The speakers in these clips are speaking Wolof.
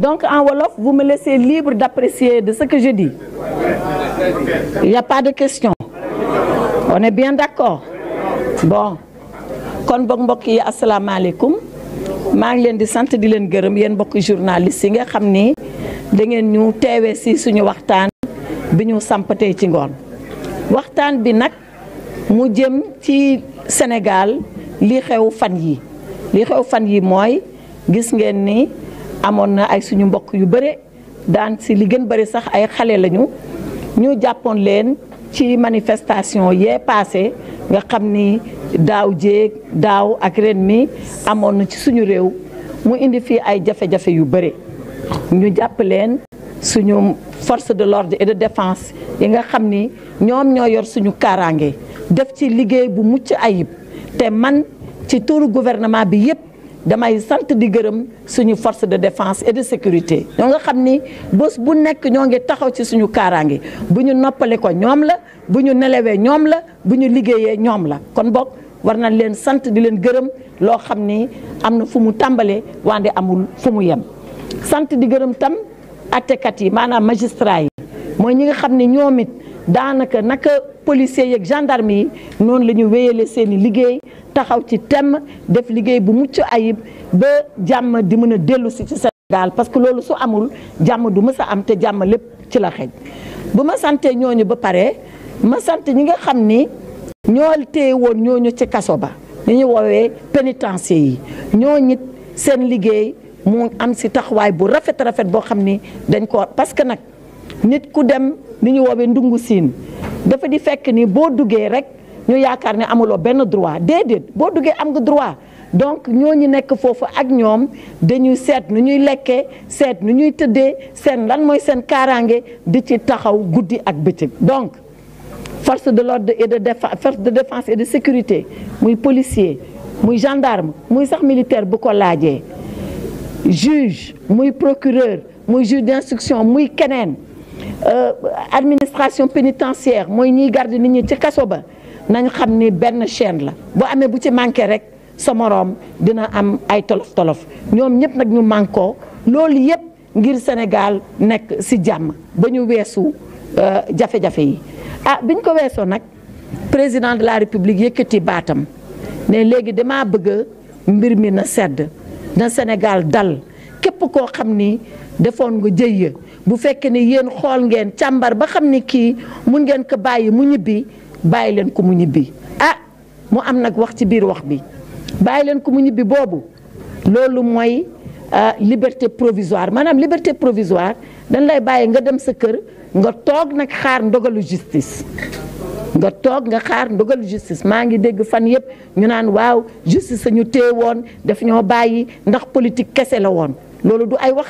Donc en Wolof, vous me laissez libre d'apprécier de ce que je dis. Il pas de question. On est bien d'accord. Bon. kon boog mbokk yi asalaamaaleykum maa ngi leen di sant di leen gërëm yéen mbokki journaliste yi nga xam ni dangeen ngeen ñu teewee si suñu waxtaan bi ñu sampatee ci ngoon waxtaan bi nag mu jëm ci Sénégal li xew fan yi li xew fan yi mooy gis ngeen ni amoon na ay suñu mbokk yu bëre daan si li gën bëri sax ay xale lañu ñu jàppoon leen ci manifestation yee paase nga xam ni daaw jéeg daaw ak ren mi amoon na ci suñu réew mu indi fii ay jafe-jafe yu bëri ñu jàpp leen suñu force de l'ordre et de défense yi nga xam ni ñoom ñoo yor suñu kaaraange def ci liggéey bu mucc ayib te man ci tuuru gouvernement bi yépp damay sant di gërëm suñu force de défense et de sécurité ñoo nga xam ni bés bu nekk ñoo ngi taxaw ci suñu kaaraange bu ñu noppale ko ñoom la bu ñu nelawee ñoom la bu ñu liggéeyee ñoom la kon bokk war nañ leen sant di leen gërëm loo xam ni am na fu mu tàmbalee wande amul fu mu yem sant di gërëm tam attekat yi maanaam magistrat yi mooy ñi nga xam ni ñoom daanaka naka policiers yeeg gendarme yi noonu la ñu wéyale seen i liggéey taxaw ci temm def liggéey bu mucc ayib ba jàmm di mën a dellu si ci Sénégal parce que loolu su amul jàmm du mës a am te jàmm lépp ci la xej bu ma santee ñooñu ba pare ma sant ñi nga xam ni ñoo téye woon ñooñu ci kaso ba ñu woowee pénitencier yi ñoo ñit seen liggéey mu am si taxawaay bu rafet rafet boo xam ni dañ ko parce que nag nit ku dem li ñu woowee ndungu siin dafa di fekk ni boo duggee rek ñu yaakaar ni amuloo benn droit déedéet boo duggee am nga droit donc ñooñu nekk foofu ak ñoom dañuy seet nu ñuy lekkee seet nu ñuy tëddee seen lan mooy seen kaaraange di ci taxaw guddi ak bëccëg donc force de l'ordre et de défense de défense et de sécurité muy policier muy gendarme muy sax militaire bu ko laajee juge muy procureur muy juge d'instruction muy keneen Euh, administration pénitentiaire mooy ñiy garde nit ñi ci kaso ba nañ xam ni benn chaine la bu amee bu ci manqué rek sa moroom dina am ay tolof tolof ñoom ñëpp nag ñu mànkoo loolu yëpp ngir Sénégal nekk si jàmm ba ñu weesu euh, jafe-jafe yi ah biñ ko weesoo nag président de la république yëkkati baatam ne léegi damaa bëgg mbir mi na sedd na Sénégal dal képp koo xam ni defoon nga jëye bu fekkee ne yéen xool ngeen càmbar ba xam ne kii mun ngeen ko bàyyi mu ñibbi bàyyi leen ko mu ñibbi ah mu am nag wax ci biir wax bi bàyyi leen ko mu ñibbi boobu loolu mooy ah, liberté provisoire maanaam liberté provisoire dañ lay bàyyi nga dem sa kër nga toog nag xaar ndogalu justice nga toog nga xaar ndogalu justice maa ngi dégg fan yëpp ñu naan waaw justice sañu téye woon daf ñoo bàyyi ndax politique kese la woon loolu du ay wax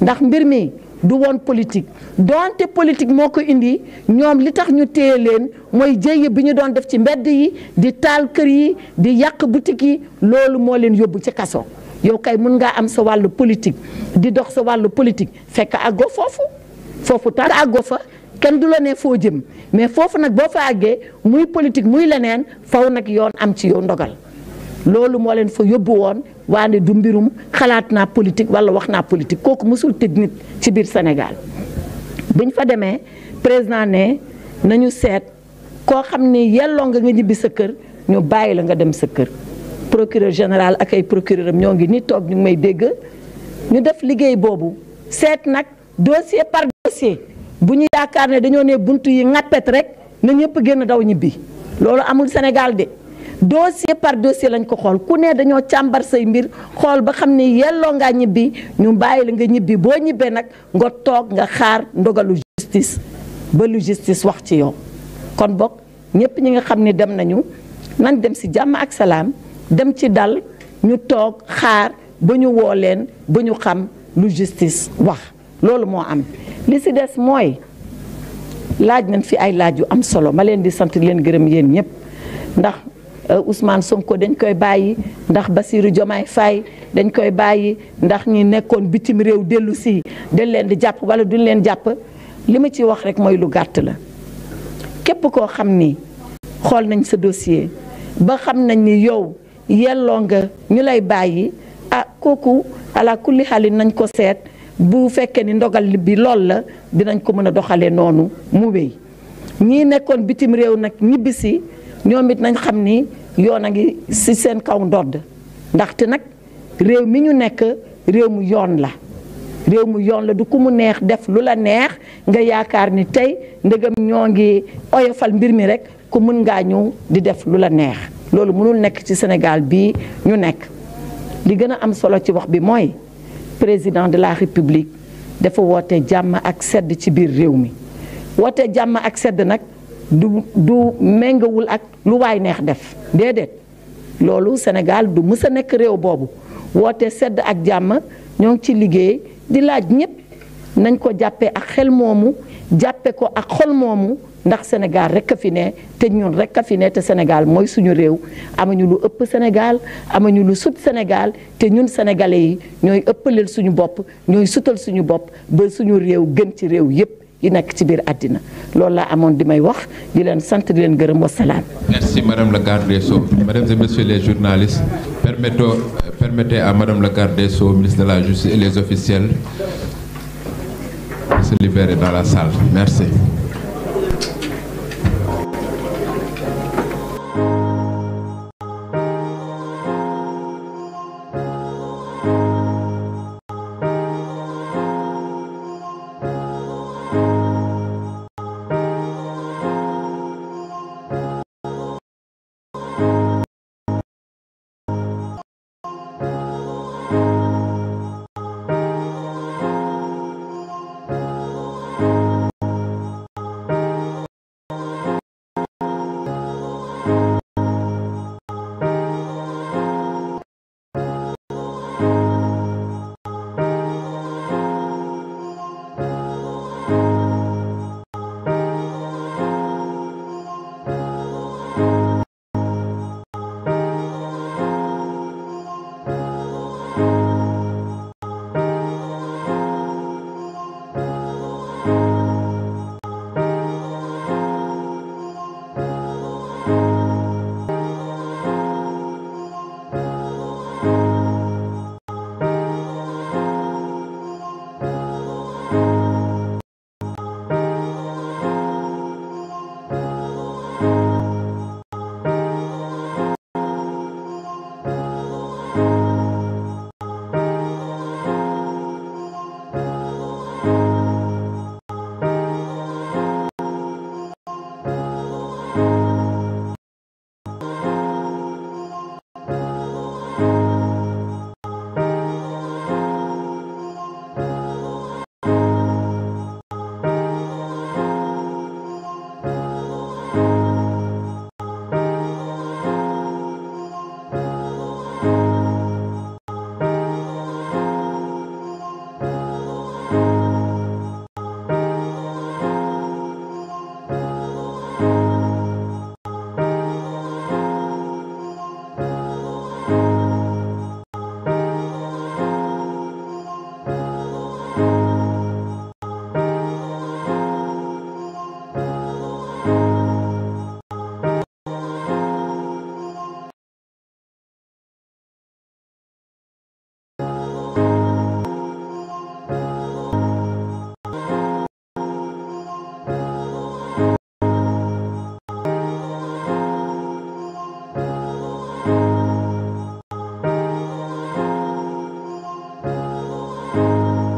ndax mbir mi du woon politique doonte politique moo ko indi ñoom li tax ñu téye leen mooy jéye bi ñu doon def ci mbedd yi di taal kër yi di yàq boutique yi loolu moo leen yóbbu ci kaso yow kay mën ngaa am sa wàllu politique di dox sa wàllu politique fekk àggoo foofu foofu tax àggoo fa kenn du la ne foo jëm mais foofu nag boo fa àggee muy politique muy leneen faw nag yoon am ci yow ndogal loolu moo leen fa yóbbu woon waane du mbirum xalaat naa politique wala wax naa politique kooku mësul tëj nit ci biir Sénégal buñ fa demee président ne nañu seet koo xam ne yelloo nga nga ñibbi sa kër ñu bàyyi la nga dem sa kër procureur général ak ay procureur am ñoo ngi ni toog ñu ngi may dégg ñu def liggéey boobu seet nag dossier par dossier bu ñu yaakaar ne dañoo ne bunt yi ŋappet rek na ñëpp génn daw ñibbi loolu amul Sénégal de dossier par dossier lañ ko xool ku ne dañoo càmbar say mbir xool ba xam ni yelloo ngaa ñibbi ñu bàyyi la nga ñibbi boo ñibbee nag nga toog nga xaar ndogalu justice ba lu justice wax ci yow kon bokk ñëpp ñi nga xam ni dem nañu nañ dem si jàmm ak salaam dem ci dal ñu toog xaar ba ñu woo leen ba ñu xam lu justice wax loolu moo am li si des mooy laaj nañ fi ay laaj yu am solo ma leen di sant leen gërëm yéen ñëpp ndax Euh, Ousmane Sonko dañ koy bàyyi ndax Bassirou Diomaye Faye dañ koy bàyyi ndax ñi nekkoon bitim réew dellu si dañ leen di jàpp wala du leen jàpp li ma ci wax rek mooy lu gàtt la képp koo xam ni xool nañ sa dossier ba xam nañ ni yow yelloo nga ñu lay bàyyi ah kooku ala kulli xali nañ ko seet bu fekkee ni ndogal bi lool la dinañ ko mën a doxalee noonu mu wéy ñii nekkoon bitim réew nag ñibbisi ñoom it nañ xam ni yoon a ngi si seen kaw ndodd ndaxte nag réew mi ñu nekk réew mu yoon la réew mu yoon la du ku mu neex def lu la neex nga yaakaar ni tey ndegam ñoo ngi oyofal mbir mi rek ku mën ngaa ñëw di def lu la neex loolu mënul nekk ci Sénégal bii ñu nekk li gën a am solo ci wax bi mooy président de la République dafa woote jàmm ak sedd ci biir réew mi woote jàmm ak sedd nag du du ak lu waay neex def déedéet loolu Sénégal du mës nekk réew boobu woote sedd ak jàmm ñoo ngi ci liggéey di laaj ñëpp nañ ko jàppee ak xel moomu jàppe ko ak xol moomu ndax Sénégal rek a fi ne te ñun rek a fi ne te Sénégal mooy suñu réew amañu lu ëpp Sénégal amañu lu sut Sénégal te ñun sénégalais yi ñooy ëppaleel suñu bopp ñooy sutal suñu bopp ba suñu réew gën ci réew yépp yi nekk ci biir àddina loolu laa amoon di may wax di leen sant di leen gërëm wasalaam. merci madame la garde des Sceaux mesdames et messieurs les journalistes permettons permettez à madame la garde des Sceaux ministre de la justice et les officiels de se dans la salle merci.